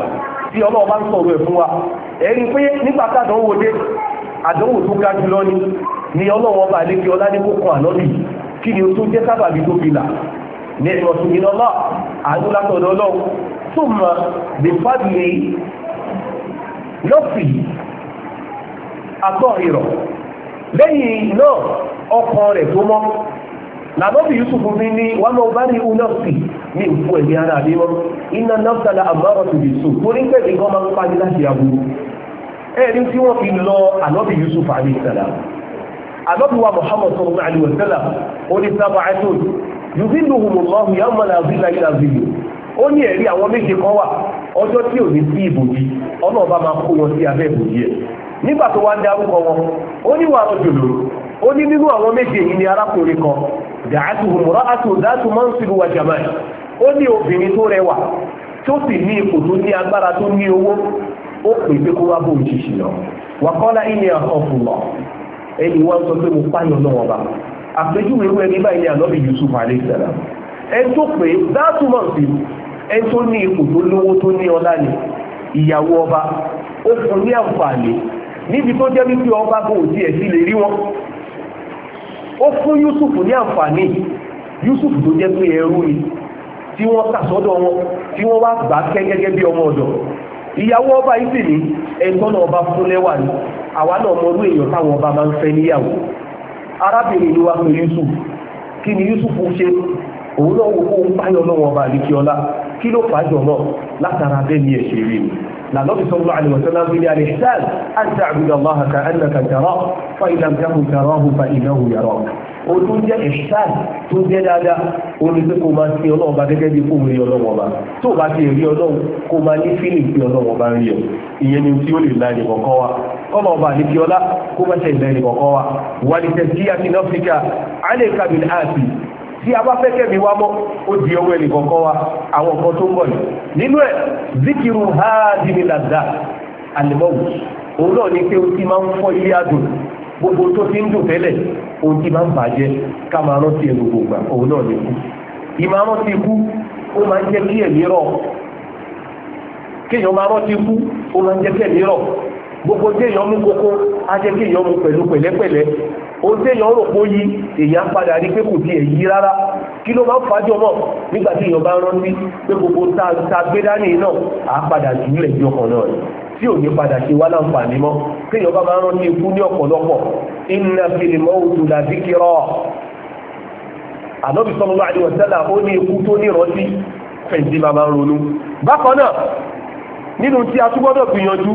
tí ọlọ́ọ̀ bá ń sọ̀rọ̀ ẹ̀ fún wa ẹ̀rí pé nígbà tàdánwò dé àdánwò tó ga jùlọ ni ni ọlọ́wọ́ ọba àlejò ọlá ní kókó ànọ́bì kí ni o tún jẹ́ sábàbí tó fi là ní ọ̀sùn yìí lọ́lá àánú látọ̀dọ̀ ọlọ́run tó mọ the family lọ́sì àtọ̀ ìrọ̀ lẹ́yìn náà ọkàn rẹ̀ tó mọ́ làbọ́bì yusuf fi ní wọ́n lọ bá ní unafsi ní ìfú ẹ̀mí ara mi mọ́ iná nafsala àmọ́rọ̀ tó yìí sùn torí pé nǹkan máa ń pàdé láti aburú ẹ̀rí tí wọ́n fi lọ àlọ́bì yusuf alayhi salam wa muhammad sallallahu alayhi wa sallam ó ní sábà àtún yuzilluhumullahu yawma la zilla illa zilluh ó ní ẹ̀rí àwọn méje kan wà ọjọ́ tí ò ní sí ìbòjì ọlọ́ọ̀bá máa kó wọn sí abẹ́ ìbòjì ẹ̀ nígbà tó wá ń darúkọ wọn ni arákùnrin kan dàátùhù mùràátù dàátù mọ́nsìlú wa jamal ó ní obìnrin tó rẹwà tó sì ní ipò tó ní agbára tó ní owó ó pè pé kó wá bó ń ṣiṣì lọ wàkọ́lá ìní àkọ́fù lọ ẹni wọ́n sọ pé mo pààyàn náà wọn bá àpèjúwe irú ẹni báyìí ní ànábì Yusuf alayhi salam tó pè dàátù mọ́nsìlú ẹni tó ní ipò tó lówó tó ní ọlá ni ìyàwó ọba ó fún ní àǹfààní níbi tó jẹ́ wípé ọba kò tiẹ̀ sí lè rí wọn ó fún Yusuf ní àǹfààní Yusuf tó jẹ́ pé ẹrú ni tí wọ́n tà sọ́dọ̀ wọn tí wọ́n wá gbà kẹ́ gẹ́gẹ́ bí ọmọ ọ̀dọ̀ ìyàwó ọba yìí sì ní ẹ̀gbọ́n náà ọba fún lẹ́wà ni àwa náà mọ orú èèyàn táwọn ọba máa ń fẹ́ níyàwó arábìnrin ló wá pé Yusuf kí ni Yusuf ṣe òun náà wò ó ń báyọ̀ náà wọn ọba àdìkí kí ló fàájọ náà látara bẹ́ẹ̀ ni ẹ̀ rí ni لنبي صلى الله عليه وسلم من الإحسان أن تعبد الله كأنك تراه فإن لم تكن تراه فإنه يراك o tó jẹ́ ẹ̀ṣán tó jẹ́ dáadáa o ní pé kó máa ti ọlọ́run bá gẹ́gẹ́ bí kó rí ọlọ́run ọba tó bá ti rí ọlọ́run kó máa ní fílìn pé ọlọ́run ọba rí ẹ̀ ìyẹn ni tí ó lè la ẹnì kọ̀ọ̀kan wa kọ́mọ ọba àdìkí ọlá kó má ṣe ìlà ẹnì kọ̀ọ̀kan wa wà ní tẹ̀síyà sí nọ́fíkà alẹ́ kábìlì áàpì tí a bá fẹ́ kẹ́mi wá mọ́ ó di ẹnì wa àwọn nǹkan tó ń bọ̀ yìí nínú ẹ̀ zikiru haadini ladda alimọ́wù òun náà pé ti máa ń fọ ilé adùn gbogbo tó ti ń dùn tẹ́lẹ̀ ti máa ń bàjẹ́ ká máa rántí gbogbo òun náà ní kú ìmọ̀ ti ikú ó máa ń jẹ́ kí ẹ̀mí gbogbo téèyàn mú kókó á jẹ́ kéèyàn mú pẹ̀lú pẹ̀lẹ́pẹ̀lẹ́ ohun téèyàn rò pó yí èèyàn padà rí pé kò di èyí rárá kí ló máa ń fàájọ mọ̀ nígbà tí èèyàn bá rántí pé gbogbo ta gbé dání náà á padà jùlẹ̀ ju ọkàn náà tí ò ní padà ṣe wá láǹfààní mọ́ téèyàn bá máa rántí ikú ní ọ̀pọ̀lọpọ̀ inna fil mawti la dhikra ànábì sallallahu alaihi wasallam ó ní ikú tó ní ìrántí fẹ̀ǹdì máa máa ronú bákan náà nínú tí a túbọ́dọ̀ gbìyànjú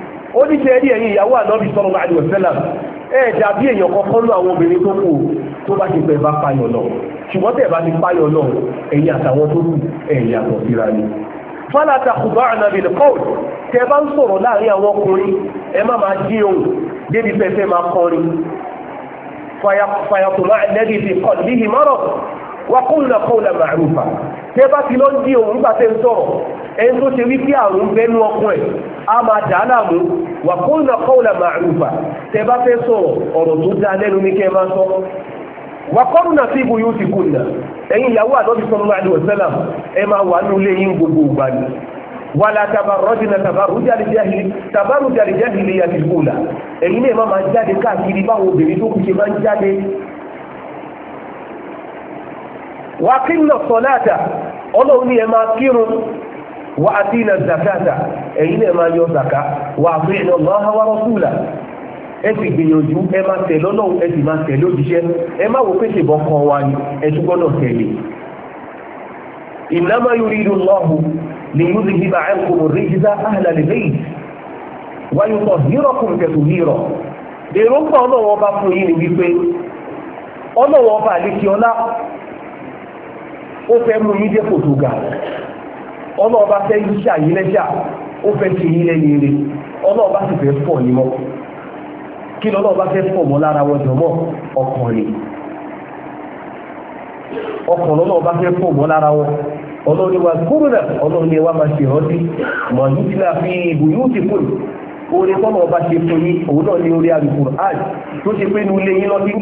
ó ní ṣe rí ẹ̀yin ìyàwó ànábì sọ́rọ̀ máa ní ọ̀sẹ́là ẹ̀ dàbí èèyàn kọ́kọ́ lọ àwọn obìnrin tó kù tó bá ti pẹ̀ bá payọ̀ lọ ṣùgbọ́n tẹ̀ bá ti payọ̀ lọ ẹ̀yin àtàwọn tó kù ẹ̀yin àtọ̀ síra ni. fálàtà kùbá ànábì lẹ́kọ̀ọ́ tẹ bá ń sọ̀rọ̀ láàrin àwọn ọkùnrin ẹ má máa dí ohùn débi pẹ́ẹ́fẹ́ máa kọrin fàyàtọ̀ máa lẹ́bi fi kọ̀ wàkúnlẹ̀ kọ́ọ̀lẹ̀ màrúfà tẹ́ bá ti lọ ń di òun gbà tẹ́ ń sọ̀rọ̀ ẹni tó ṣe wípé àrùn bẹnu ọkùn ẹ̀ a máa dà á láàmú wàkúnlẹ̀ kọ́ọ̀lẹ̀ màrúfà tẹ́ bá fẹ́ sọ̀rọ̀ ọ̀rọ̀ tó dá lẹ́nu ní kẹ́ máa sọ wàkọ́rù náà sí ibu yóò ti kùn náà ẹ̀yin ìyàwó àdọ́bí sọ́nà àdìwọ̀ sẹ́là ẹ wà kí n lọ sọ̀láàtà ọlọ́run ní ẹ máa kírun wà á ti nà zakata ẹ̀yin náà máa yọ zaka wà á fi ẹ̀nà lọ́wọ́ àwọn rọ́sùlà ẹ sì gbìyànjú ẹ máa tẹ̀lé ọlọ́run ẹ sì máa tẹ̀lé òjíṣẹ́ ẹ má wo pèsè bọ́ kan wa ni ẹ tún gbọ́dọ̀ tẹ̀lé innama yuridu Allahu liyudhhiba ankum ar-rijsa ahla al-bayt wa yutahhirakum tathhira èròǹgbà ọlọ́wọ́ bá fún yín ni wípé ọlọ́wọ́ bá àlékí ó fẹ́ mú yín dé kòtò ga ọlọ́ọ̀bá fẹ́ yíṣà yín ó fẹ́ ṣe yín lẹ́yìn rẹ̀ ọlọ́ọ̀bá sì fẹ́ fọ̀ ní mọ́ kí lọ́lọ́ọ̀bá fẹ́ fọ̀ mọ́ lára wọn ọkàn ọkàn lọ́lọ́ọ̀bá fẹ́ fọ̀ mọ́ lára wọn ọlọ́ọ̀ni wa gómìnà ọlọ́ọ̀ni wa máa ṣe ìrántí mọ̀ ní ti náà fi ìbò ṣe fún yín òun náà ní orí tó ṣe pé yín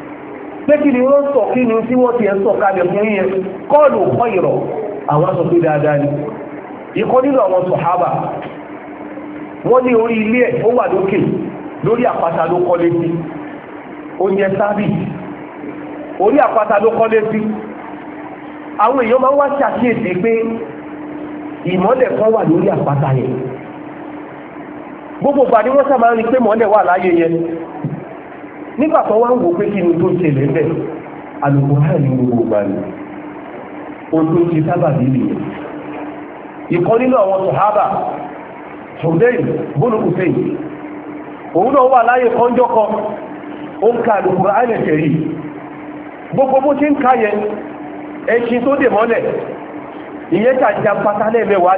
pé ni wọ́n sọ kí ni tí wọ́n ti ẹ̀ sọ kalẹ̀ fún yẹn kọ́ọ̀lù kọ́ ìrọ̀ àwọn sọ pé dáadáa ni ikọ́ nínú àwọn sọ̀hábà wọ́n ní orí ilé ẹ̀ ó wà lókè lórí àpáta ló kọ́ létí oúnjẹ sábì orí àpáta ló kọ́ létí àwọn èèyàn máa ń wá pé ìmọ́lẹ̀ kan wà lórí àpáta gbogbo ìgbà ni wọ́n sábà ń rí pé mọ́lẹ̀ wà nígbà tó wò pé kí ni tó ṣẹlẹ̀ bẹ́ẹ̀ alùpùpù náà ní gbogbo ni ohun tó ti sábà bí nìyẹn ìkan nínú àwọn sọ̀hábà ṣùgbẹ́yìn bólúkùfẹ́yìn òun náà wà láyé kọjọ́ kan ó ń ka alùpùpù àìlẹ̀ tẹ̀rí gbogbo bó ti ń ka yẹn ẹṣin tó dè mọ́lẹ̀ ìyẹn tà já pátá lẹ́ẹ̀mẹ́wàá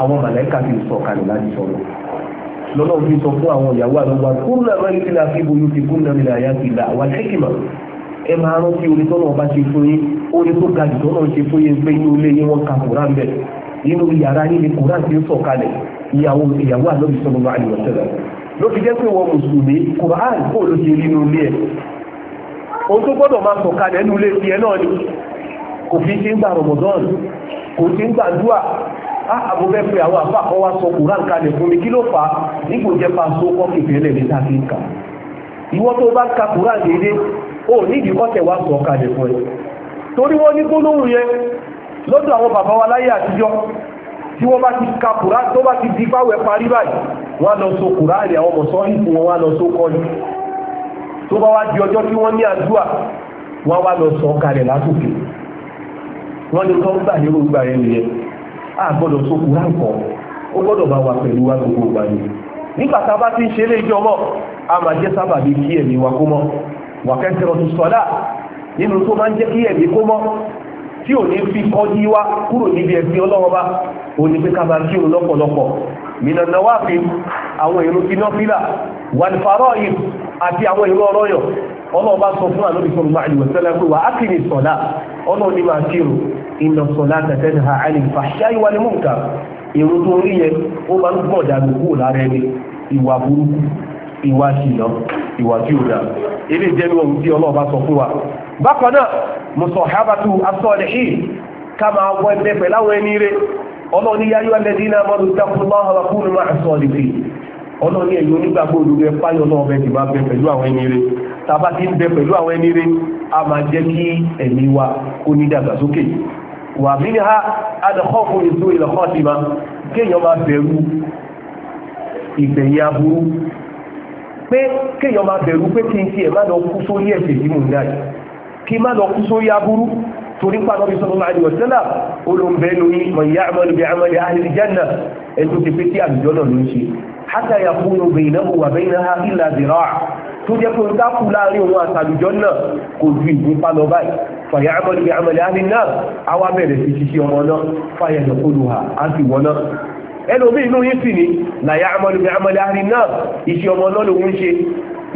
àwọn màlẹ́kà ti sọ kalẹ̀ láti sọ̀rọ̀ lọ́nà òfin sọ fún àwọn ìyàwó àlọ́gbà kúrò náà máa ń tilẹ̀ àfihàn oyún ti kúrò náà nílẹ̀ àyà ti là wà ṣẹ́kìmà ẹ máa rántí orí tọ́nà ọba ṣe fún yín orí tó ga jù tọ́nà ṣe fún yín pé inú ilé yín wọ́n ka kùrán bẹ̀ inú yàrá yín ni kùrán ti ń sọ kalẹ̀ ìyàwó ìyàwó àlọ́bì sọ̀rọ̀ bá àyè ọ̀sẹ̀ rẹ̀ ló fi jẹ́ pé wọ́n mùsùlùmí kùrán kò ló ṣe rí inú ilé ẹ̀ ohun tó gbọ́dọ̀ máa sọ nínú ilé tiẹ̀ náà ni kò fi ṣe ń gba rọ̀mọ̀dọ́n kò ṣe ń gbàdúrà àbò fẹ́ pé àwọn àfà kan wá sọ kùrán kalẹ̀ fún mi kí ló fà á nípò jẹ́ pa so kọ́ kìfẹ́lẹ̀ ní tàbí ń kà ìwọ tó bá ń ka kùrán déédéé ó nídìí kọ́tẹ̀ wá sọ kalẹ̀ fún ẹ torí wọ́n ní gbólóhùn yẹn lọ́dọ̀ àwọn bàbá wa láyé àtijọ́ tí wọ́n bá ti ka kùrán tó bá ti di báwẹ̀ parí báyìí wọ́n lọ so kùrán rẹ̀ àwọn mọ̀sán ìfún wọn wá lọ a gbọ́dọ̀ tó kúrá nǹkan ó gbọ́dọ̀ bá wa pẹ̀lú wa gbogbo ìgbà ni nígbà tá a bá ti ń ṣe léjọ mọ́ a máa jẹ́ sábà bí kí ẹ̀mí wa kó mọ́ wà kẹ́sìrọ̀ tó sọ́dá nínú tó máa ń jẹ́ kí ẹ̀mí kó mọ́ tí ò ní fi kọjú wá kúrò níbi ẹ̀sìn ọlọ́wọ́ o ní pé ká máa kí òun lọ́pọ̀lọpọ̀ mìnà náwà fi àwọn ìrun iná fílà wà ní farọ́ yìí àti àwọn ìrun ọ̀rọ̀ yọ̀ ọlọ́ọ̀bá sọ fún àlóbi sọ̀rọ̀ máa ìwẹ̀ sẹ́lẹ̀ pé wà á ni mú nǹkan ìrun tó rí yẹn ó máa ń gbọ̀n dànù kúrò lára ẹni ìwà burúkú ìwà ṣìnà ìwà tí wa bákan náà mùsọ̀hábàtú asọ́lẹ̀hìn ká máa wọ ẹgbẹ́ pẹ̀lú ẹni rẹ̀ ọlọ́ni yáyọ́ alẹ́dínà mọ́lù dákúnlọ́ ọlọ́kùn máa sọ̀lẹ̀hìn ọlọ́ni ẹ̀yọ́ nígbàgbọ́ olùgbé náà bẹ́ẹ̀ ti bá pẹ̀lú àwọn kí ti máa lọ kú ẹ̀sẹ̀ kí má lọ kú sórí aburú torí pàtó bí sọ́nà àdìwọ̀ sẹ́là olóńbẹ́nu ní mọ̀nyá àmọ́lù bí àmọ́lẹ̀ àhìlì jẹ́nà ẹ̀tọ́ ti pé tí àlùjọ náà ló ń ṣe hátà yà fún un bẹ̀yìn náà wà bẹ́yìn náà ìlà zìrà tó jẹ́ pé ń dákú láàrin òun àtàlùjọ náà kò ju ìgbín pálọ báyìí fàyà àmọ́lù bí àmọ́lẹ̀ àhìlì náà àwa bẹ̀rẹ̀ sí ṣiṣẹ́ ọmọ náà fàyà ìdọ̀kọ́lù hà á sì wọ́n náà ẹlòmí inú yìí sì ni làyà àmọ́lù bí àmọ́lẹ̀ àhìlì náà ìṣẹ́ ọmọ náà lòun ṣe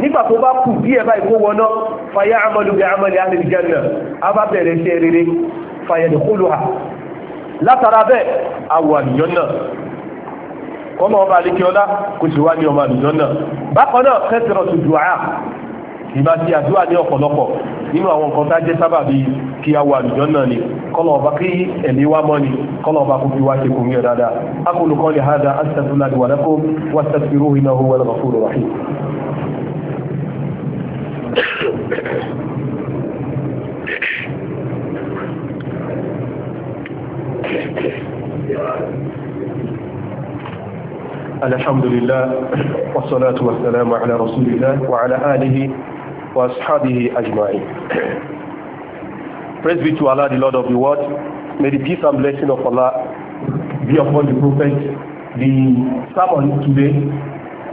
nígbà tó bá kù bí ẹ̀bá ìkó wọná fàyà àmàlù bí àmàlì àmìlìjánà a bá bẹ̀rẹ̀ iṣẹ́ rere fàyẹ̀dẹ̀kúlù ha látara bẹ́ẹ̀ àwọ̀ àlùyọ́ náà ọmọ ọba alikiola àwọn nǹkan tá ọba kí ẹ̀mí wá mọ́ ni kọ́lọ̀ ọba kó fi wá ṣe kòmí ọ̀dáadáa akólùkọ́ lè hádà astaghfirullah wa lakum wastaghfiruhu innahu huwal ghafurur rahim الحمد لله والصلاة والسلام على رسول الله وعلى آله وأصحابه أجمعين Praise be to Allah, the Lord of the world. May the peace and blessing of Allah be upon the prophet. The sermon today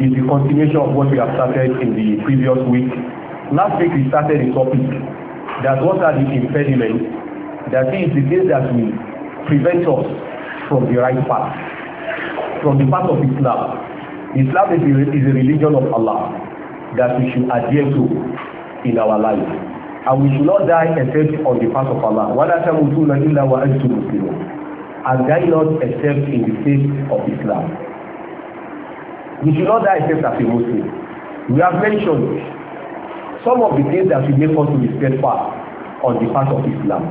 is the continuation of what we have started in the previous week Last week we started a topic that what are the impediments that is the things that will prevent us from the right path, from the path of Islam. Islam is a, is a religion of Allah that we should adhere to in our life. And we should not die except on the path of Allah. وَلَا تَمُوتُونَ إِلَّا وَأَنْتُمْ مُسْلِمُونَ And die not except in the state of Islam. We should not die except as a Muslim. We have mentioned some of the things that should make us to be steadfast on the path of Islam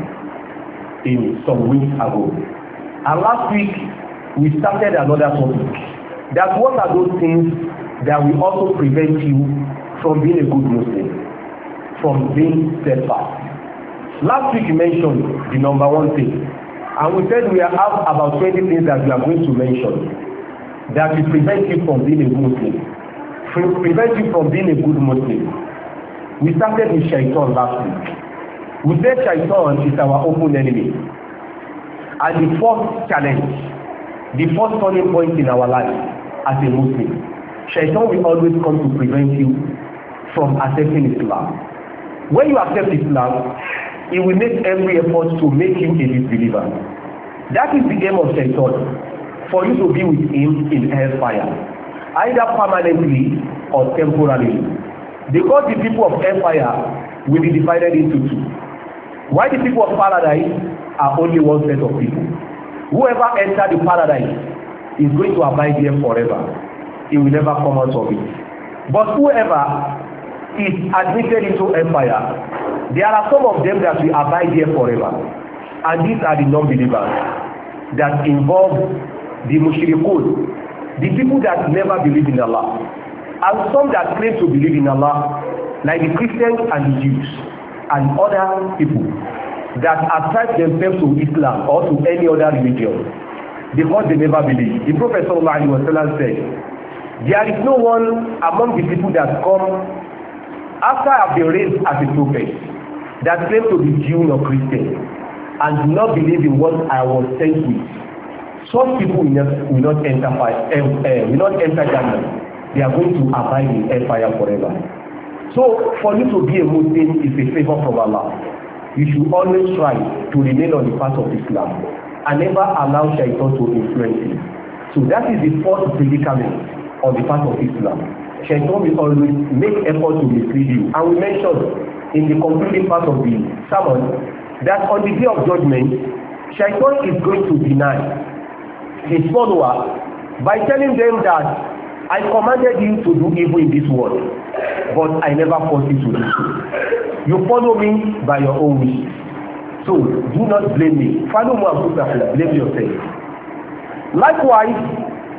in some weeks ago and last week we started another topic that what are those things that will also prevent you from being a good Muslim from being steadfast last week we mentioned the number one thing and we said we have about twenty things that we are going to mention that will prevent you from being a Muslim prevent you from being a good Muslim We started with Shaitan last week. We say Shaitan is our open enemy. And the first challenge, the first turning point in our life as a Muslim, Shaitan will always come to prevent you from accepting Islam. When you accept Islam, he will make every effort to make you a disbeliever. That is the aim of Shaitan for you to be with him in hellfire, either permanently or temporarily. Because the people of empire will be divided into two. Why the people of paradise are only one set of people. Whoever enter the paradise is going to abide there forever. He will never come out of it. But whoever is admitted into empire, there are some of them that will abide there forever. And these are the non-believers that involve the mushrikun, the people that never believe in Allah and some that claim to believe in Allah, like the Christians and the Jews and other people that attach themselves to Islam or to any other religion because they never believe. The Prophet sallallahu alaihi wasallam said, there is no one among the people that come after I have been raised as a prophet that claim to be Jew or Christian and do not believe in what I was sent with. Some people will not, enter fire, uh, eh, will not enter Jannah they are going to abide in empire forever. So for you to be a Muslim is a favor from Allah. You should always try to remain on the path of Islam and never allow shaitan to influence you. So that is the first predicament on the path of Islam. Shaitan will always make effort to mislead you. And we mentioned in the concluding part of the sermon that on the day of judgment, Shaitan is going to deny his follower by telling them that I commanded you to do evil in this world, but I never forced you to do so. You follow me by your own wish. So do not blame me. Follow me and put that blame yourself. Likewise,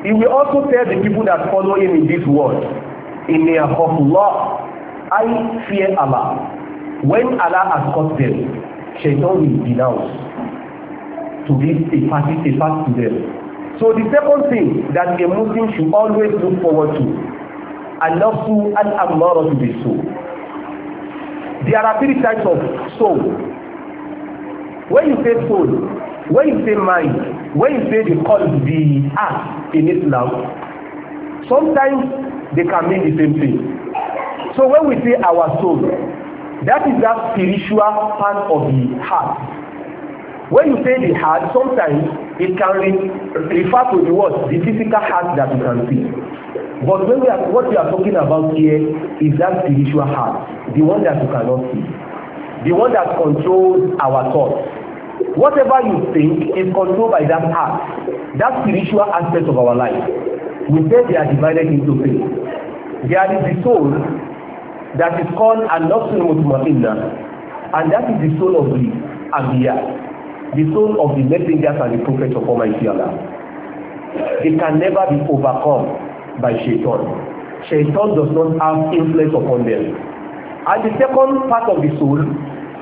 he will also tell the people that follow him in this world, in their of Allah, I fear Allah. When Allah has caught them, Shaitan will denounce to be a party, a part to them. So the second thing that a Muslim should always look forward to, an-nafsu al-ammaratu bis-su'. There are three types of soul. When you say soul, when you say mind, when you say the call the heart in Islam, sometimes they can mean the same thing. So when we say our soul, that is that spiritual part of the heart When you say the heart, sometimes it can re refer to the what? The physical heart that you can see. But when we are, what we are talking about here is that spiritual heart, the one that you cannot see, the one that controls our thoughts. Whatever you think is controlled by that heart, that spiritual aspect of our life. We say they are divided into three. There is the soul that is called an-nafsul mutma'inna, and that is the soul of the Abiyah the soul of the messengers and the prophets of Almighty Allah. It can never be overcome by shaitan. Shaitan does not have influence upon them. And the second part of the soul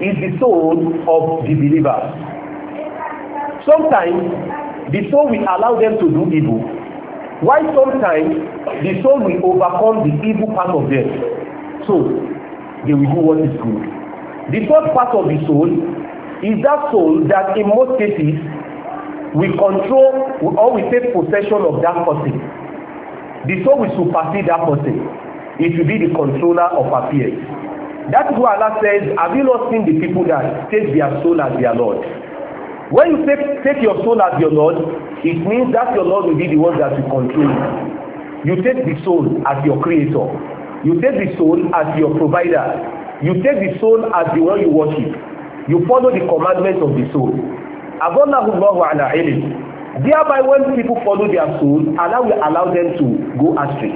is the soul of the believers. Sometimes the soul will allow them to do evil, while sometimes the soul will overcome the evil part of them. So they will do what is good. The third part of the soul is that soul that in most cases we control or we take possession of that person the soul will supersede that person it will be the controller of affairs that is why Allah says have you not seen the people that take their soul as their lord when you take take your soul as your lord it means that your lord will be the one that will control you you take the soul as your creator you take the soul as your provider you take the soul as the one you worship you follow the commandment of the soul abọ́nàhùnmọ́hùn àná ilé thereby when people follow their soul Allah will allow them to go astray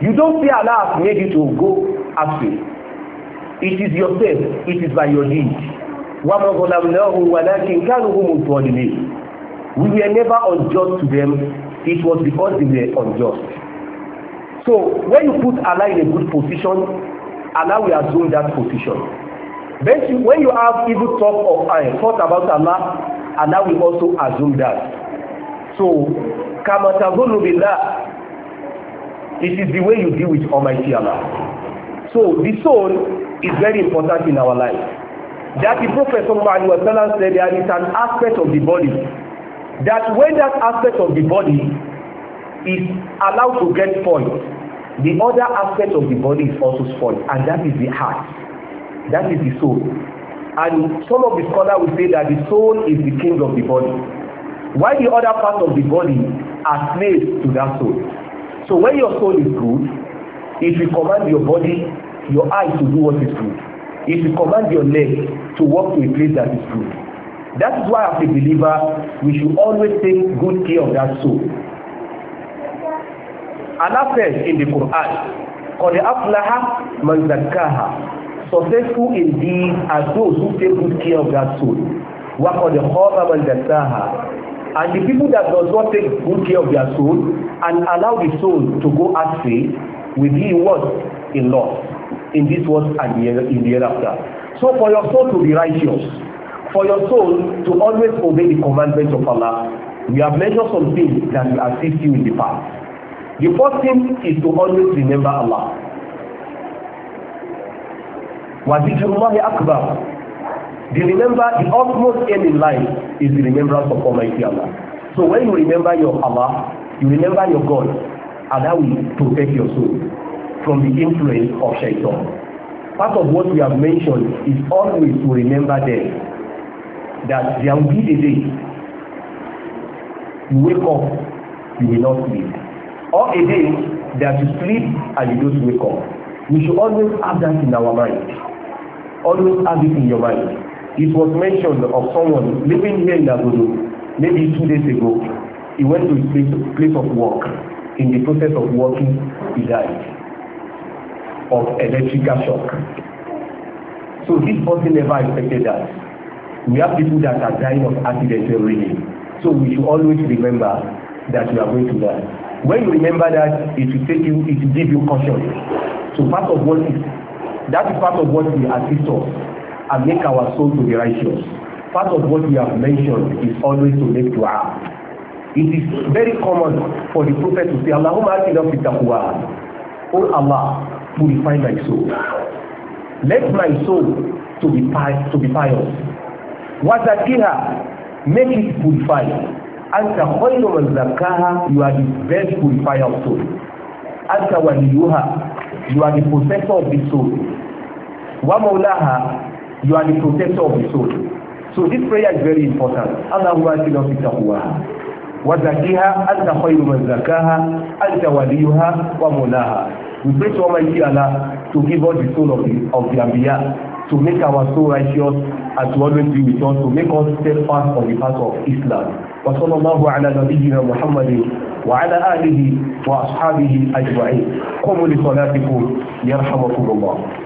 you don't see Allah has made you to go astray it is yourself it is by your deed wàmọ̀gọ̀làmùnáhùn wàlákin kánúhùn mùtọ́lìlẹ̀ we were never unjust to them it was because they were unjust so when you put Allah in a good position Allah will assume that position Then when you have evil talk of and thought about Allah, Allah will also assume that. So, kama tazunnu billah, it is the way you deal with Almighty Allah. So, the soul is very important in our life. That the Prophet sallallahu alaihi said there is an aspect of the body that when that aspect of the body is allowed to get spoiled, the other aspect of the body is also spoiled, and that is the heart. That is the soul. And some of the scholar will say that the soul is the king of the body. While the other part of the body are slaves to that soul. So when your soul is good, if you command your body, your eye to do what is good. If you command your leg to walk to a place that is good. That is why as a believer, we should always take good care of that soul. Allah says in the Quran, قَدْ أَفْلَحَ مَنْ زَكَّاهَا Successful indeed are those who take good care of their soul. the وَقَدْ خَابَ they دَسَّاهَا And the people that does not take good care of their soul and allow the soul to go astray will be what? In loss. In this world and in the hereafter. So for your soul to be righteous, for your soul to always obey the commandments of Allah, we have mentioned some things that will assist you in the past. The first thing is to always remember Allah. وَذِكْرُ akbar. The remember, the utmost end in life is the remembrance of Almighty Allah. So when you remember your Allah, you remember your God, and that will protect your soul from the influence of shaitan. Part of what we have mentioned is always to remember them, that there will be a day you wake up, you will not sleep. Or a day that you sleep and you don't wake up. We should always have that in our mind always have it in your mind it was mentioned of someone living here in Agodo maybe two days ago he went to his place, place of work in the process of working he died of electrical shock so this person never expected that we have people that are dying of accidents every day so we should always remember that we are going to die when you remember that it will take you it will give you caution so part of what is That is part of what we assist us and make our soul to be righteous. Part of what we have mentioned is always to make dua. It is very common for the prophet to say, Allahu Allahumma atina fi taqwa. Oh Allah, purify my soul. Let my soul to be pious, to be pious. Wazakiha, make it purified. Anta khayru man zakaha, you are the best purifier of soul. Anta waliyuha, you are the protector of the soul wa maulaha you are the protector of the soul so this prayer is very important allahumma atina fi taqwaha wa zakiha anta khayru man zakaha anta waliyuha wa maulaha we pray to almighty allah to give us the soul of the of the ambiya to make our soul righteous and to always be with us to make us steadfast on the path of islam وصلى الله على نبينا محمد وعلى آله وأصحابه أجمعين قوموا لصلاتكم يرحمكم الله